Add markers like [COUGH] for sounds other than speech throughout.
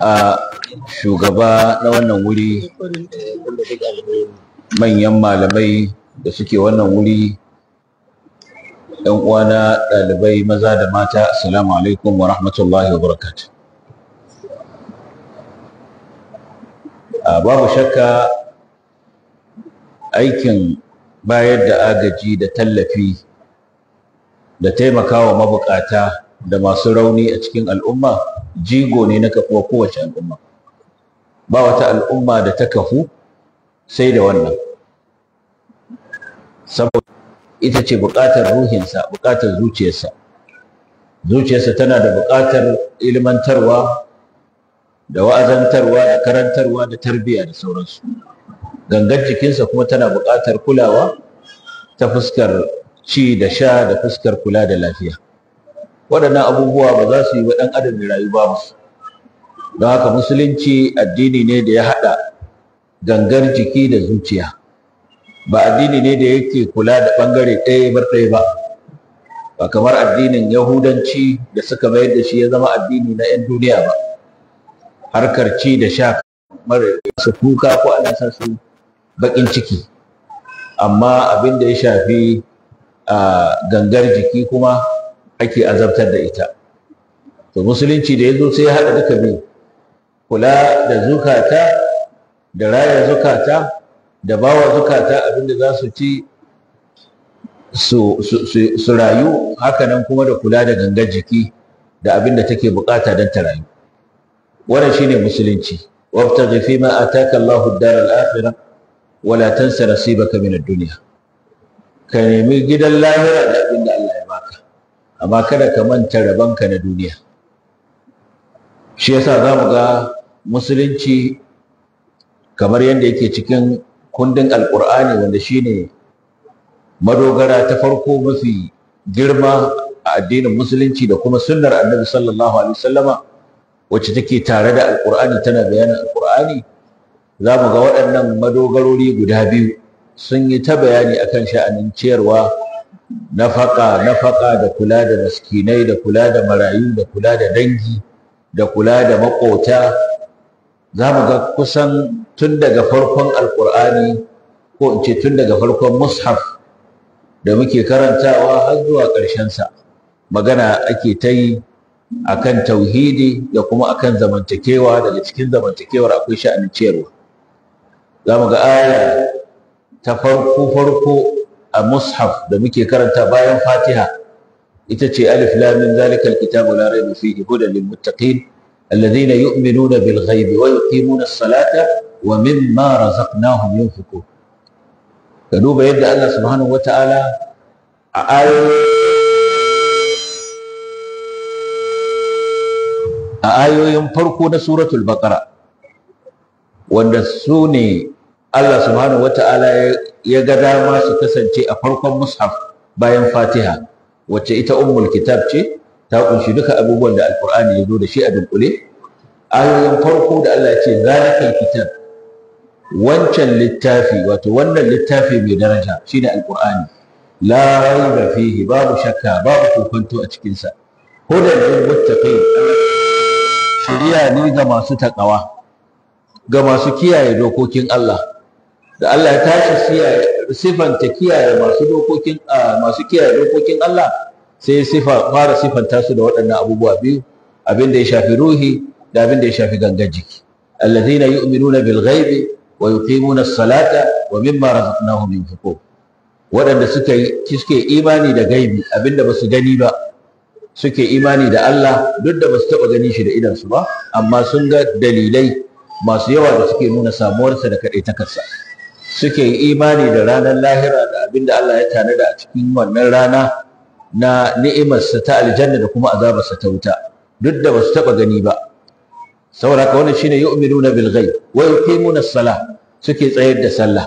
a shugaba na wannan wuri manyan malamai da suke wannan wuri yan uwana ɗalibai maza da mata assalamu alaikum wa rahmatullahi wa A babu shakka aikin bayar da agaji da tallafi da taimakawa mabukata da masu rauni a cikin al'umma jigo ne na kafuwa kowace al'umma ba wata al'umma da ta kafu sai da wannan saboda ita ce buƙatar ruhinsa buƙatar zuciyarsa zuciyarsa tana da buƙatar ilmantarwa da wa'azantarwa da karantarwa da tarbiyya da sauransu Gangar jikinsa kuma tana buƙatar kulawa ta fuskar ci da sha da fuskar kula da lafiya waɗannan abubuwa ba za su yi wa ɗan adam mai rayu musu don haka musulunci addini ne da ya haɗa gangar jiki da zuciya ba addini ne da yake kula da ɓangare ɗaya bar ɗaya ba ba kamar addinin yahudanci da suka mayar da shi ya zama addini na 'yan duniya ba harkar ci da sha mara su kuka ko ana sa su baƙin ciki amma abin da ya shafi ah, gangar jiki kuma ake azabtar da ita to musulunci da ya zo sai ya haɗa duka biyu kula da zukata da raya zukata da bawa zukata abinda za su ci su rayu hakanan kuma da kula da gangar jiki da abinda take bukata don ta rayu wannan shine musulunci wabtaghi fima ataka Allahu ad-dar al-akhirah wala tansa nasibaka min ad-dunya ka nemi gidan lahira da abinda amma kada ka manta rabanka na duniya shi yasa za mu ga musulunci kamar yadda yake cikin kundin alkur'ani wanda shine madogara ta farko mafi girma a addinin musulunci da kuma sunnar annabi sallallahu alaihi wasallama wacce take tare da alkur'ani tana bayanin alkur'ani za mu ga waɗannan madogarori guda biyu sun yi ta bayani akan sha'anin ciyarwa nafaka nafaka da kula da miskinai da kula da marayu da kula da dangi da kula da makota za mu ga kusan tun daga farkon alkur'ani ko in ce tun daga farkon mushaf da muke karantawa har zuwa ƙarshen sa, magana ake ta yi akan tauhidi da kuma akan zamantakewa daga cikin zamantakewar akwai sha'anin ciyarwa za mu ga aya ta farko farko a mushaf da muke karanta bayan fatiha ita ce alif lamin min zalika alkitabu la rayba fihi hudan lil muttaqin alladhina yu'minuna bil ghaibi wa yuqimuna as-salata wa mimma razaqnahum yunfiqun ka duba yadda Allah subhanahu wa a ayoyin a ayoyin farko na suratul baqara wanda su ne Allah subhanahu wataala ya ya ga dama su kasance a farkon mushaf bayan fatiha wacce ita ummul kitab ce ta kunshi duka abubuwan da alkur'ani ya zo da shi a dunkule ayoyin farko da Allah ya ce zalikal kitab wancan littafi wato wannan littafi mai daraja shine alkur'ani la raiba fihi babu shakka babu kokonto a cikinsa. sa hudan lil muttaqin shiriya ne ga masu takawa ga masu kiyaye dokokin Allah da Allah ya tashi sifanta kiyaye masu dokokin masu kiyaye dokokin Allah sai sifa fara sifanta su da waɗannan abubuwa biyu abin da ya shafi ruhi da abin da ya shafi gangan jiki alladhina yu'minuna bil ghaibi wa yuqimuna as-salata wa mimma razaqnahum yunfiqun waɗanda suka suke imani da gaibi abinda basu gani ba suke imani da Allah duk da basu taɓa gani shi da idan su ba amma sun ga dalilai masu yawa da suke nuna samuwarsa da kaɗaitakarsa. suke imani da ranar lahira da abinda Allah ya tanada a cikin wannan rana na ni'imarsa ta aljanna da kuma azabarsa ta wuta duk da basu taɓa gani ba saboda ka wannan shine yu'minuna bil ghaib wa yuqimuna as-salah suke tsayar da sallah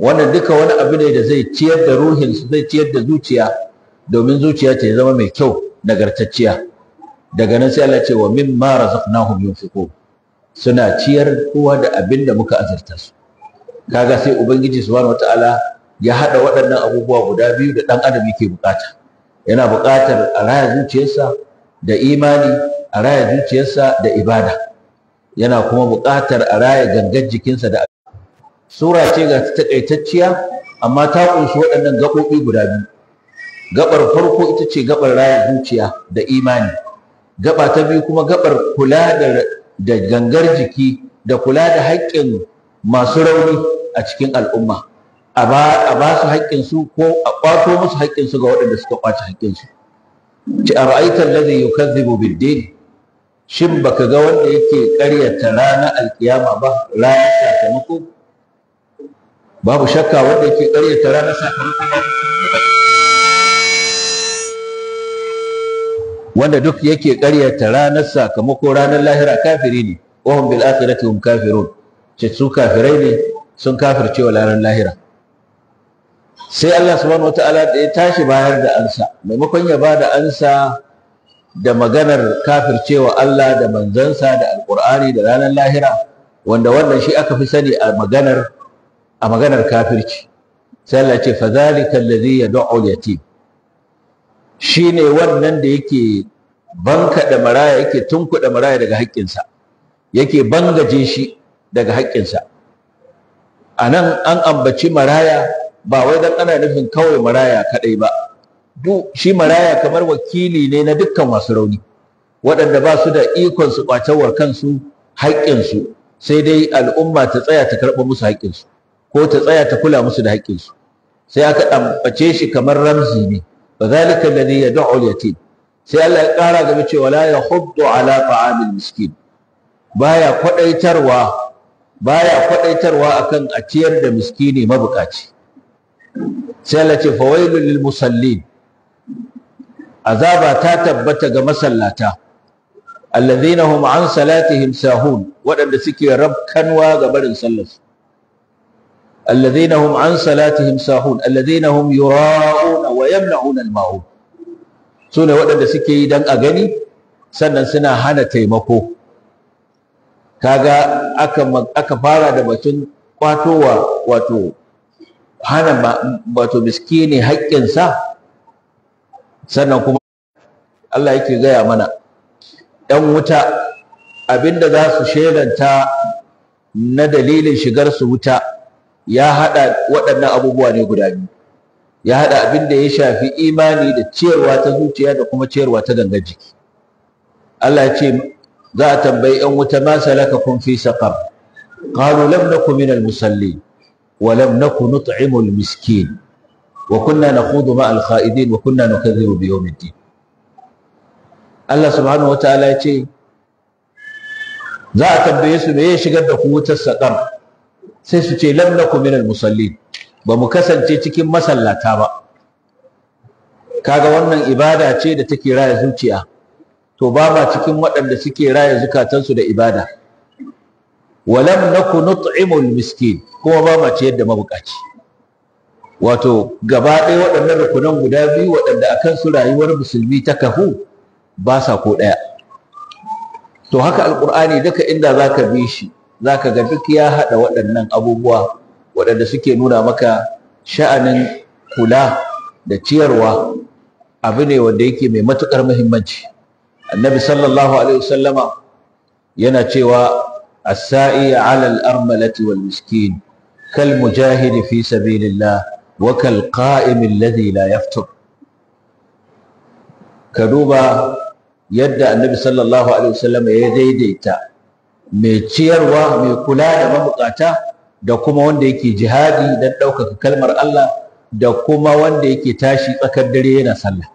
wannan duka wani abu ne da zai ciyar da ruhin su zai ciyar da zuciya domin zuciya ta zama mai kyau nagartacciya daga nan sai Allah ce wa mimma razaqnahum yunfiqun suna ciyar kowa da abin da muka azurta su kaga sai ubangiji subhanahu wataala ya hada waɗannan abubuwa guda biyu da dan adam yake bukata yana bukatar a raya zuciyarsa da imani a raya zuciyarsa da ibada yana kuma bukatar a raya gangan jikinsa da sura ce ga takaitacciya amma ta kunshi waɗannan gaɓoɓi guda biyu gaɓar farko ita ce gaɓar raya zuciya da imani gaɓa ta biyu kuma gaɓar kula da gangar jiki da kula da haƙƙin masu rauni a cikin al'umma a ba su haƙƙinsu ko a ƙwato musu haƙƙinsu ga waɗanda suka ƙwace haƙƙinsu ci a ra'aitar da zai yukazzibu biddin shin ba ka ga wanda yake ƙaryata rana alkiyama ba ranar sakamako babu shakka wanda yake ƙaryata rana sakamako wanda duk yake ƙaryata ranar sakamako ranar lahira kafiri ne wahum bil akhirati hum kafirun ce su kafirai ne sun kafirce wa ranar lahira sai Allah subhanahu wata'ala da ya tashi bayar da ansa maimakon ya ba da ansa da maganar kafircewa Allah da manzansa da alkur'ani da ranar lahira wanda wannan shi aka fi sani a maganar a maganar kafirci sai Allah ce fadhalika alladhi yad'u al-yatim shine wannan da yake banka da maraya yake tunkuɗa maraya daga haƙƙinsa yake bangaje shi daga haƙƙinsa a nan an ambaci maraya ba wai dan ana nufin kawai maraya kaɗai ba duk shi maraya kamar wakili ne na dukkan masu rauni waɗanda ba su da ikon su ƙwacewa kansu haƙƙinsu sai dai al'umma ta tsaya ta karɓa musu haƙƙinsu ko ta tsaya ta kula musu da haƙƙinsu sai aka ambace shi kamar ramzi ne fa zalika alladhi yad'u al-yatim sai Allah ya ƙara gaba cewa la yahuddu ala ta'amil miskin baya kwaɗaitarwa baya kwadaitarwa akan a ciyar da miskini mabukaci sai Allah ce fawailul lil musallin azaba ta tabbata ga masallata alladhina hum an salatihim sahun wadanda suke rabkanwa ga barin sallarsu الذين هم عن صلاتهم ساهون الذين هم يراءون Sune الماعون suke yi سكي a gani sannan suna hana taimako. kaga aka aka fara da batun kwatowa wato hana wato miskini haƙƙinsa sannan kuma Allah yake gaya mana ‘yan wuta abinda za su shelanta na dalilin shigar su wuta ya haɗa waɗannan abubuwa ne guda biyu ya haɗa abinda ya shafi imani da ciyarwa ta zuciya da kuma ciyarwa ta ganga jiki Allah ya ce za a tambayi ‘yan wuta ma kun fi saƙar. Ƙaru lam na min al musalli wa lam naku nut'imu al-miskin wa kunna kudu ma al-kha'idin wa kunna na nukadhibu biyo yawmiddin Allah subhanahu wata ya ce za a tambaye su me ya shigar da ku wutar saƙar, sai su ce lam naku min al musalli ba mu kasance cikin masallata ba kaga wannan ibada ce da take raya zuciya to ba ma cikin waɗanda suke raya zukatansu da ibada walam naku nut'imul miskin kuma ba ma ciyar da mabukaci wato gaba ɗaya waɗannan rukunan guda biyu waɗanda akan su rayuwar musulmi ta kahu ba sa ko ɗaya to haka Alƙur'ani duka inda zaka bi shi zaka ga duk ya haɗa waɗannan abubuwa waɗanda suke nuna maka sha'anin kula da ciyarwa abu ne wanda yake mai matuƙar muhimmanci annabi sallallahu alaihi wasallama yana cewa as-sa'i 'ala al-armalati wal miskin kal mujahidi fi sabilillah wa kal qa'im alladhi la yaftur ka duba yadda annabi sallallahu alaihi wasallama ya daidaita mai ciyarwa mai kula da mabukata da kuma wanda yake jihadi don ɗaukaka kalmar Allah da kuma wanda yake tashi tsakar dare yana sallah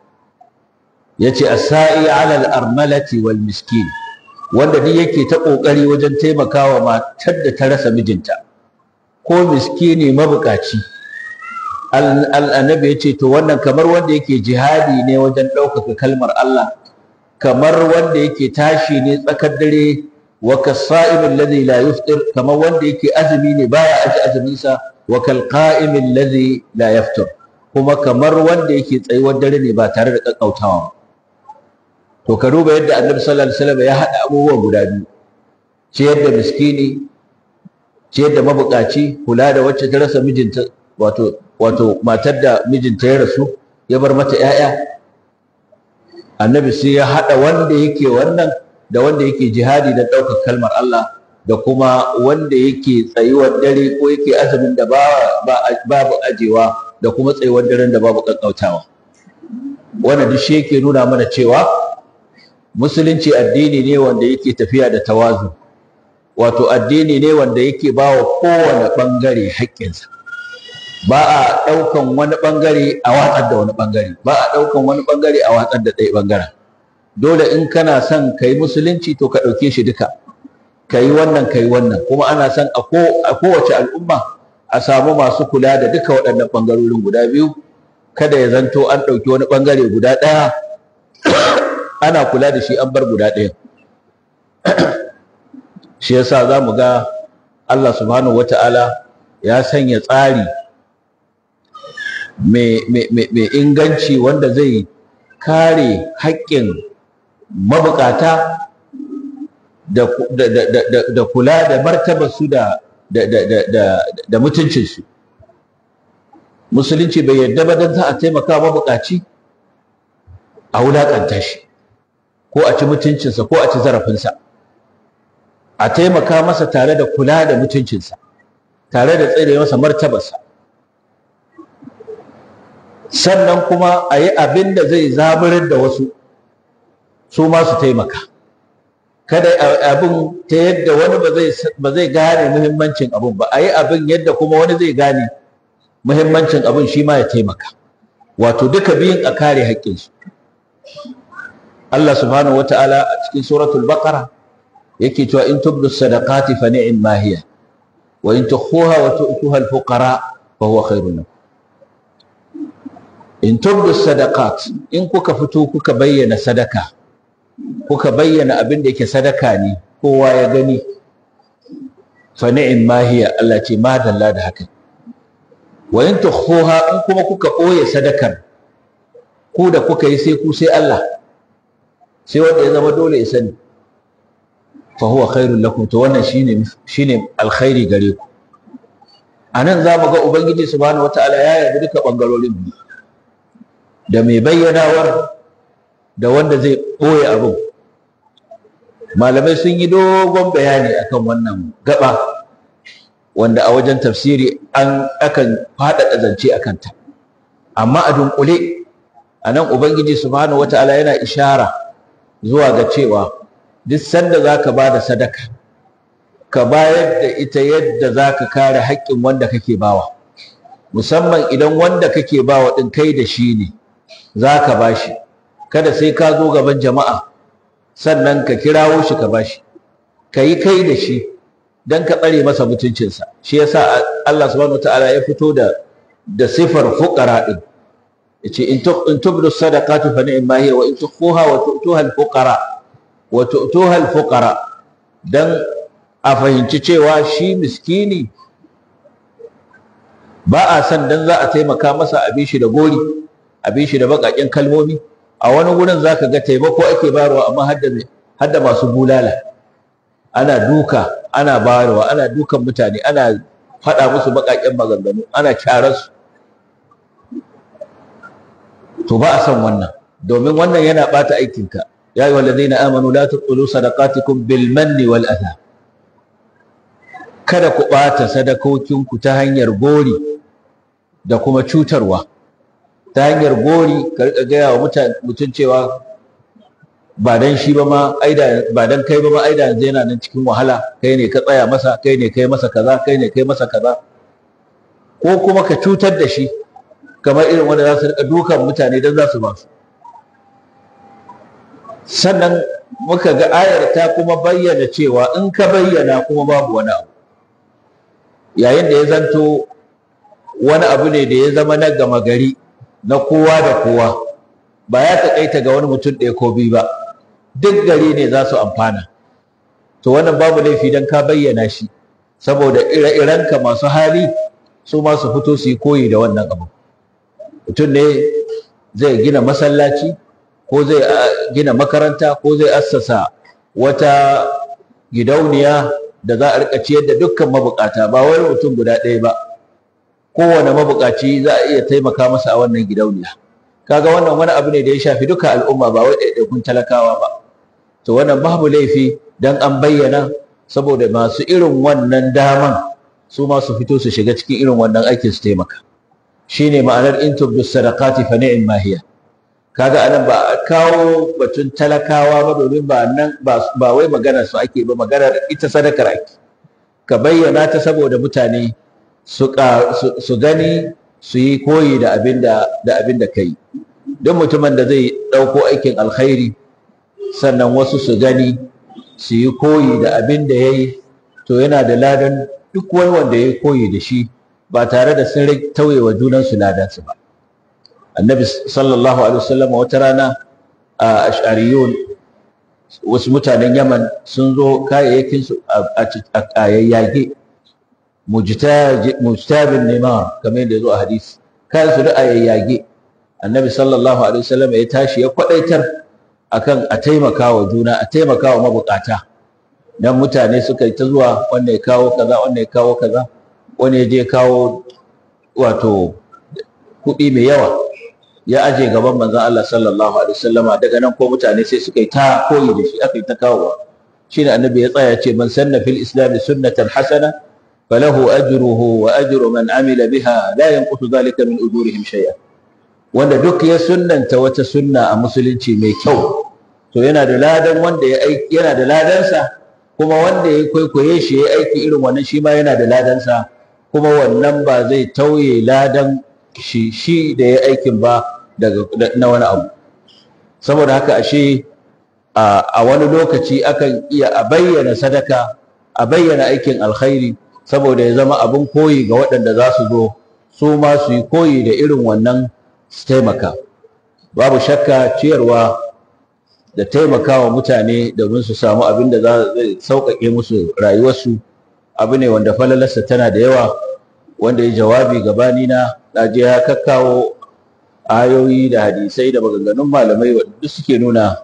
yace as 'ala al-armalati wal miskin wanda duk yake ta kokari wajen taimakawa matar da ta rasa mijinta ko miskini mabukaci al-annabi yace to wannan kamar wanda yake jihadi ne wajen ɗaukaka kalmar Allah kamar wanda yake tashi ne tsakar dare wa kasa'im alladhi la kamar wanda yake azumi ne baya aji azumin sa wa kal alladhi la kuma kamar wanda yake tsayuwar dare ne ba tare da kakkautawa to ka duba yadda annabi sallallahu alaihi wasallam ya haɗa abubuwa guda biyu ciyar da miskini ciyar da mabukaci kula da wacce ta rasa mijinta wato wato matar da mijinta ya rasu ya bar mata 'ya'ya? annabi sai ya haɗa wanda yake wannan da wanda yake jihadi da ɗaukar kalmar Allah da kuma wanda yake tsayuwar dare ko yake azumin da babu ajewa da kuma tsayuwar daren da babu ƙanƙautawa wannan duk shi yake nuna mana cewa musulunci addini ne wanda yake tafiya da tawazu wato addini ne wanda yake bawa kowane bangare haƙƙinsa ba a ɗaukan wani bangare a watsar da wani bangare ba a ɗaukan wani bangare a watsar da ɗaya bangaren dole in kana son ka yi musulunci to ka ɗauke shi duka ka yi wannan ka yi wannan kuma ana son a kowace al'umma a samu masu kula da duka waɗannan bangarorin guda biyu kada ya zanto an ɗauki wani bangare guda ɗaya ana kula da shi an bar guda ɗaya shi yasa za mu ga Allah subhanahu wata'ala ya sanya tsari mai inganci wanda zai kare haƙƙin mabukata da kula da martaba su da mutuncinsu musulunci bai yarda ba don za a taimaka mabukaci a wulaƙanta shi ko a ci mutuncinsa ko a ci zarafinsa a taimaka masa tare da kula da mutuncinsa tare da tsere masa martabarsa sannan kuma a yi abin da zai zaburar da wasu su ma su taimaka kada abin ta yadda wani ba zai gane muhimmancin abin ba a yi abin yadda kuma wani zai gane muhimmancin abin shi ma ya taimaka wato duka biyun a kare haƙƙinsu Allah subhanahu wata'ala a cikin suratul baqara yake cewa in tubdu sadaqati fa ni'im ma hiya wa in tukhuha wa tu'tuha al fuqara fa huwa khairun lakum in tubdu sadaqat in kuka fito kuka bayyana sadaka kuka bayyana abin da yake sadaka ne kowa ya gani fa ni'im ma hiya Allah ce ma dalla da haka wa in tukhuha in kuma kuka boye sadakar ku da kuka yi sai ku sai Allah sai wanda ya zama dole ya sani fa huwa khairul lakum to wannan shine shine alkhairi gare ku anan za mu ga ubangiji subhanahu wataala ya yarda duka bangarorin da mai bayyanawar da wanda zai boye abu. malamai sun yi dogon bayani akan wannan gaba wanda a wajen tafsiri an akan faɗaɗa zance a kanta amma a dunkule a ubangiji subhanahu wataala yana ishara zuwa ga cewa duk sanda za ka ba da sadaka ka bayar da ita yadda za ka kare haƙƙin wanda kake bawa musamman idan wanda kake bawa ɗin kai da shi ne za ka ba shi kada sai ka zo gaban jama'a sannan ka kirawo shi ka ba shi ka yi kai da shi don ka tsare masa mutuncinsa shi yasa Allah subhanahu ya fito da siffar sifar ɗin yace in tubdu sadaqatu fa ni'ma hiya wa in tukhuha wa tu'tuha al-fuqara wa tu'tuha al-fuqara dan a fahimci cewa shi miskini ba a san dan za a taimaka masa a bishi da gori a bishi da bakakin kalmomi a wani gurin zaka ga taimako ake bayarwa amma hadda hadda masu bulala ana duka ana bayarwa ana dukan mutane ana faɗa musu bakakin maganganu ana kyarar to ba a son wannan domin wannan yana bata aikinka ya yi na amanu la tubtilu sadaqatikum bil manni wal adha kada ku bata sadakokinku ta hanyar gori da kuma cutarwa ta hanyar gori ka rika gaya wa mutum cewa ba dan shi ba ma aida ba dan kai ba ma aida yanzu yana nan cikin wahala kai ne ka tsaya masa kai ne kai masa kaza kai ne kai masa kaza ko kuma ka cutar da shi kamar irin wanda za su rika dukan mutane don za su ba su sannan muka ga ayar ta kuma bayyana cewa in ka bayyana kuma babu wani abu yayin da ya zanto wani abu ne da ya zama na gama gari na kowa da kowa ba ya taƙaita ga wani mutum ɗaya ko biyu ba duk gari ne za su amfana to wannan babu laifi don ka bayyana shi saboda ire-irenka masu hali su ma su fito su yi koyi da wannan abu mutum ne zai gina masallaci ko zai gina makaranta ko zai assasa wata gidauniya da za a rika ciyar da dukkan mabukata ba wai mutum guda ɗaya ba kowane mabukaci za a iya taimaka masa a wannan gidauniya kaga wannan wani abu ne da ya shafi duka al'umma ba wai ɗaiɗaikun talakawa ba to wannan babu laifi dan an bayyana saboda masu irin wannan daman su ma su fito su shiga cikin irin wannan aikin su taimaka Shi ne ma'anar in da sadakati fa in ma hiya kaga anan ba kawo batun talakawa ba domin ba nan ba wai magana su ake ba magana ita sadakar ake ka bayyana ta saboda mutane su gani su yi koyi da abin da abin da kai duk mutumin da zai ɗauko aikin alkhairi sannan wasu su gani su yi koyi da abin da ya yi to yana da ladan duk wani wanda ya koyi da shi ba tare da sun tauye wa junansu ladansu ba annabi sallallahu alaihi wasallam wata rana a ash'ariyun wasu mutanen yaman sun zo kayayyakin su a kayayyage mujtabin nema kamar yadda zo a hadisi kayan su da ayayyage annabi sallallahu alaihi wasallam ya tashi ya kwadaitar akan a taimaka wa juna a taimaka wa mabukata dan mutane suka yi ta zuwa wanda ya kawo kaza wanda ya kawo kaza wani ya je kawo wato kuɗi mai yawa ya aje gaban manzon Allah sallallahu alaihi wasallama daga nan ko mutane sai suka yi ta koyi da shi aka yi ta kawowa shine annabi ya tsaya ce man sanna fil islam sunnatan hasana falahu ajruhu wa ajru man amila biha la yanqutu dhalika min ujurihim shay'a wanda duk ya sunnanta wata sunna a musulunci mai kyau to yana da ladan wanda ya aiki yana da ladansa kuma wanda ya kwaikwaye shi ya aiki irin wannan shi ma yana da ladansa kuma wannan ba zai tauye ladan shi shi da ya aikin ba daga na wani abu saboda haka ashe a wani lokaci akan iya a bayyana sadaka a bayyana aikin alkhairi saboda ya zama abin koyi ga waɗanda za su zo su ma su yi koyi da irin wannan taimaka babu shakka ciyarwa da taimakawa mutane domin su samu abin da za zai sauƙaƙe musu rayuwarsu abu ne wanda falalarsa tana da yawa wanda ya jawabi gabani na je ya kakkawo ayoyi da hadisai da maganganun malamai wadda suke nuna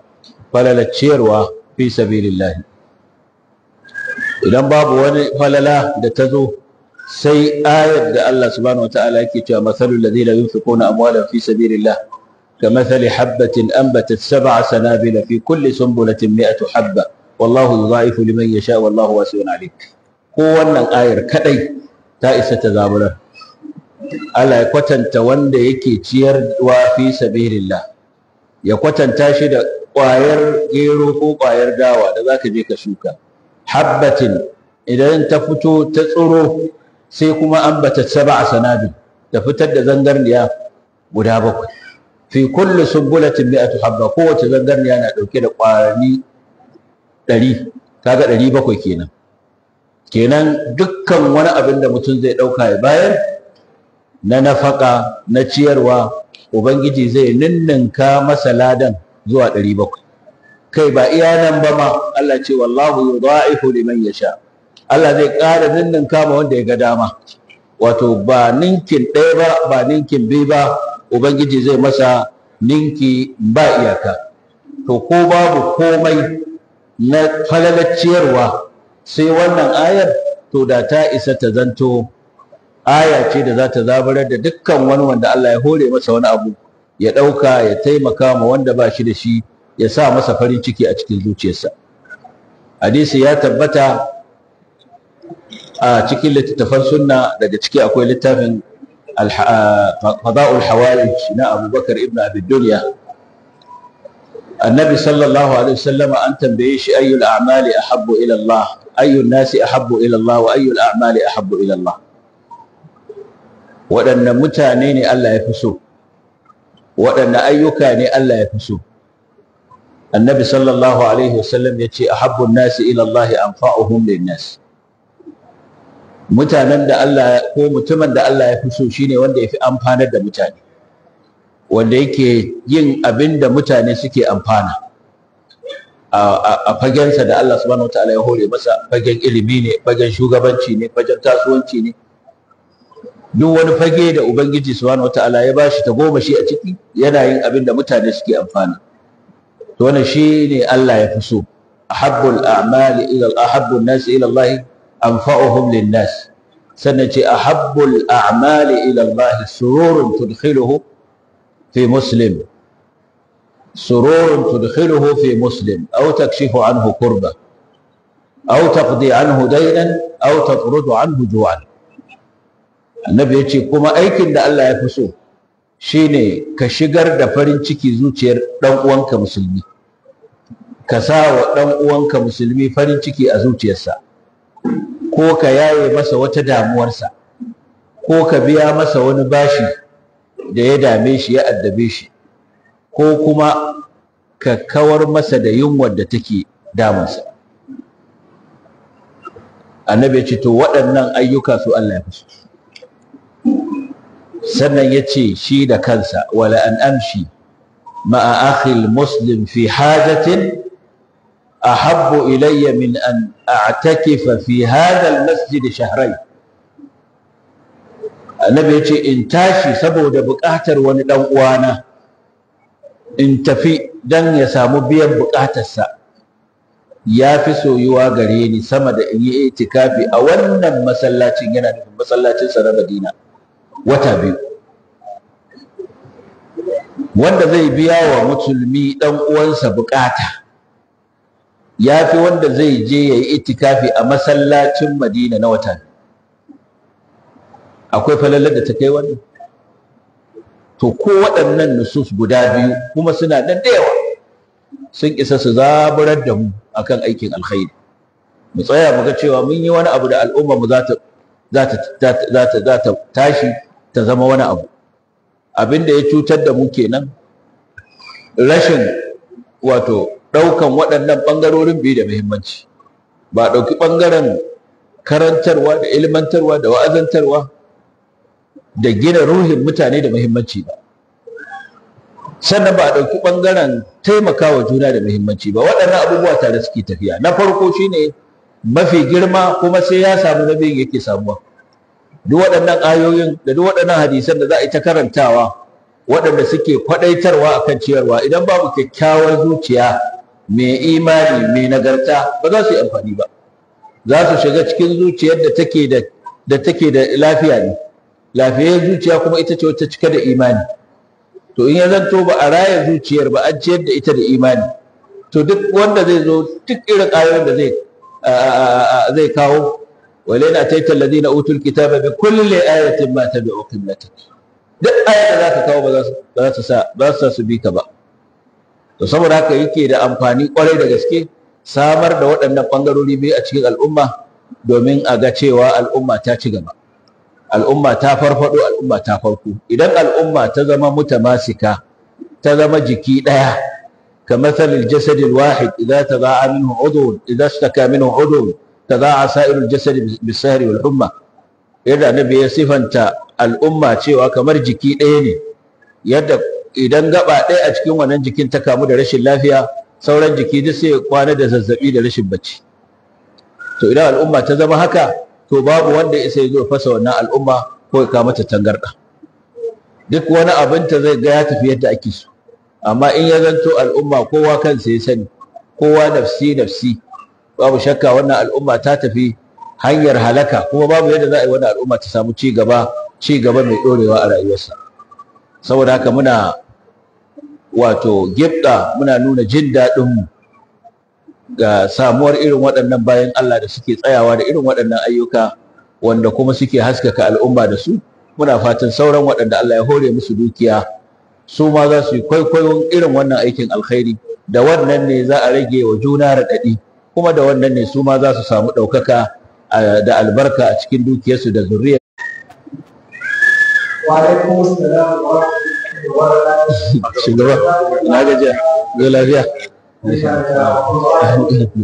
falalar ciyarwa fi sabilillahi idan babu wani falala da ta zo sai ayar da Allah subhanahu wataala yake cewa masalul ladina yunfiquna amwalan fi sabilillah kamathali habatin anbatat sab'a sanabila fi kulli sunbulatin mi'atu habba wallahu yudha'ifu liman yasha wallahu wasi'un 'alim ko wannan ayar kadai ta isa ta zaburar Allah ya kwatanta wanda yake ciyar wa fi sabilillah ya kwatanta shi da ƙwayar gero ko ƙwayar dawa da zaka je ka shuka habbatin idan ta fito ta tsoro sai kuma an ambata sab'a sanabil ta fitar da zangarniya guda bakwai fi kulli sumbulatin mi'atu habba kowace zangarniya na dauke da kwarani 100 kaga 700 kenan kenan dukkan wani abin da mutum zai ɗauka ya bayar na nafaka na ciyarwa ubangiji zai ninninka masa ladan zuwa ɗari bakwai kai ba iya nan ba ma Allah ce wallahu yudha'ifu liman yasha Allah zai ƙara ninninka ma wanda ya ga dama wato ba ninkin ɗaya ba ba ninkin biyu ba ubangiji zai masa ninki ba iyaka to ko babu komai na ciyarwa. sai wannan ayar to da ta isa ta zanto aya ce da za ta zaburar da dukkan wani wanda Allah ya hore masa wani abu ya ɗauka ya taimaka ma wanda ba shi da shi ya sa masa farin ciki a cikin zuciyarsa hadisi ya tabbata a cikin littattafan sunna daga ciki akwai littafin qada'ul hawarij na abubakar ibn abi annabi sallallahu alaihi wasallama an tambaye shi ayyul a'mali ahabbu ila Allah ayyun nasi ahabbu ila Allah ayyul a'mali ahabbu ila Allah waɗanne ayyuka ne Allah ya fi so annabi sallallahu alaihi wasallam ya ce ahabbun nasi ila Allah anfa'uhum lin mutanen ko mutumin da Allah ya fi so shine wanda ya fi amfanar da mutane wanda yake yin abin da mutane suke amfana a fagensa da Allah subhanahu ya hore masa fagen ilimi ne fagen shugabanci ne fagen kasuwanci ne duk wani fage da ubangiji subhanahu wataala ya bashi shi a ciki yana yin abin da mutane suke amfana to wannan shine Allah ya fi so ahabbul a'mali ila ahabbun nas ila Allah anfa'uhum lin nas sannan ce ahabbul a'mali ila Allah sururun tudkhiluhu في مسلم سرور تدخله في مسلم أو تكشف عنه كربة أو تقضي عنه دينا أو تطرد عنه جوعا النبي يقول كما أيكن ده الله يفسوه shine ka shigar da farin ciki zuciyar ɗan uwanka musulmi ka sa wa ɗan uwanka musulmi farin ciki a zuciyarsa ko ka yaye masa wata damuwarsa ko ka biya masa wani bashi da ya dame shi ya addabe shi ko kuma ka kawar masa da yunwar da take damunsa annabi ya ce to waɗannan ayyuka su Allah ya fi sannan ya ce shi da kansa wala an amshi ma'a akhil muslim fi hajatin ahabbu ilayya min an a'takifa fi hadha al-masjid shahrayn annabi ya ce in tashi saboda buƙatar wani ɗan uwana in tafi don ya samu biyan buƙatarsa ya fi soyuwa gare ni sama da in yi itikafi a wannan masallacin yana nufin masallacinsa na madina wata biyu wanda zai biya wa musulmi ɗan uwansa buƙata ya fi wanda zai je ya yi itikafi a masallacin madina na wata biyu akwai falalar da ta kai wannan to ko waɗannan nusus guda biyu kuma suna nan da yawa sun isa su zaburar da mu akan aikin alkhairi mu tsaya mu ga cewa mun yi wani abu da al'umma mu za ta za ta tashi ta zama wani abu abin da ya cutar da mu kenan rashin wato ɗaukan waɗannan ɓangarorin biyu da muhimmanci ba ɗauki ɓangaren karantarwa da ilmantarwa da wa'azantarwa da gina ruhin mutane da muhimmanci ba sannan ba a ɗauki ɓangaren taimakawa juna da muhimmanci ba waɗannan abubuwa tare suke tafiya na farko shine mafi girma kuma sai ya samu na biyun yake samuwa duk waɗannan ayoyin da duk waɗannan hadisan da za a yi ta karantawa waɗanda suke kwaɗaitarwa kan ciyarwa idan babu kyakkyawar zuciya mai imani mai nagarta ba za su yi amfani ba za su shiga cikin zuciyar da take da da take da lafiya ne lafiyar zuciya kuma ita ce wata cika da imani to in ya zanto ba a raya zuciyar ba an ciyar da ita da imani to duk wanda zai zo duk irin ayoyin da zai zai kawo walain ataita alladhina utul kitaba bi kulli ayatin ma tabi'u qiblatak duk ayar da zaka kawo ba za su sa ba za su bi ka ba to saboda haka yake da amfani kwarai da gaske samar da waɗannan bangarori biyu a cikin al'umma domin a ga cewa al'umma ta ci gaba al'umma ta farfado al'umma ta farko idan al'umma ta zama mutamasika ta zama jiki daya كمثل الجسد الواحد إذا تضاعى منه عضو إذا اشتكى منه عضو تضاعى سائر الجسد بالسهر والحمى Yadda نبي يصف أنت al'umma cewa kamar jiki ɗaya ne yadda idan gaba ɗaya a cikin wannan jikin ta kamu da rashin lafiya sauran jiki duk sai kwana da zazzabi da rashin bacci to idan al'umma ta zama haka to babu wanda ya sai zo fasa wannan al'umma ko ya mata tangarda duk wani abin ta zai ga ya tafi yadda ake so amma in ya zanto al'umma kowa kansa ya sani kowa nafsi nafsi babu shakka wannan al'umma ta tafi hanyar halaka kuma babu yadda za a yi wannan al'umma ta samu ci gaba ci gaba mai dorewa a rayuwarsa saboda haka muna wato gibda muna nuna jin daɗinmu mu ga samuwar irin waɗannan bayan Allah da suke tsayawa da irin waɗannan ayyuka wanda kuma suke haskaka al'umma da su muna fatan sauran waɗanda Allah ya hore musu dukiya su ma za su yi kwaikwayon irin wannan aikin alkhairi da wannan ne za a rage wa juna raɗaɗi kuma da wannan ne su ma za su samu ɗaukaka da albarka a cikin dukiyarsu da zurriyar. [LAUGHS] 没事啊，没事，没事，没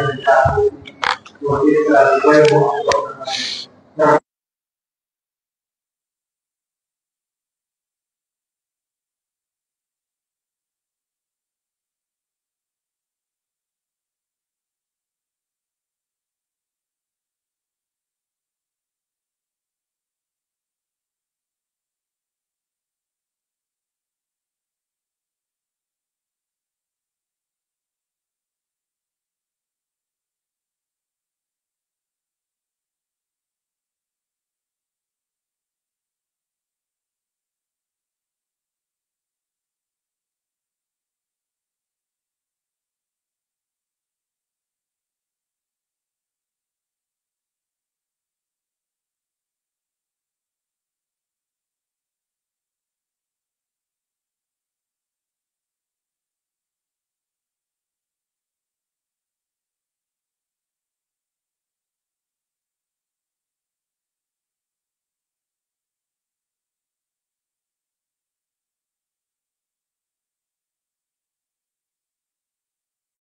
事。tunajenga uwepo wa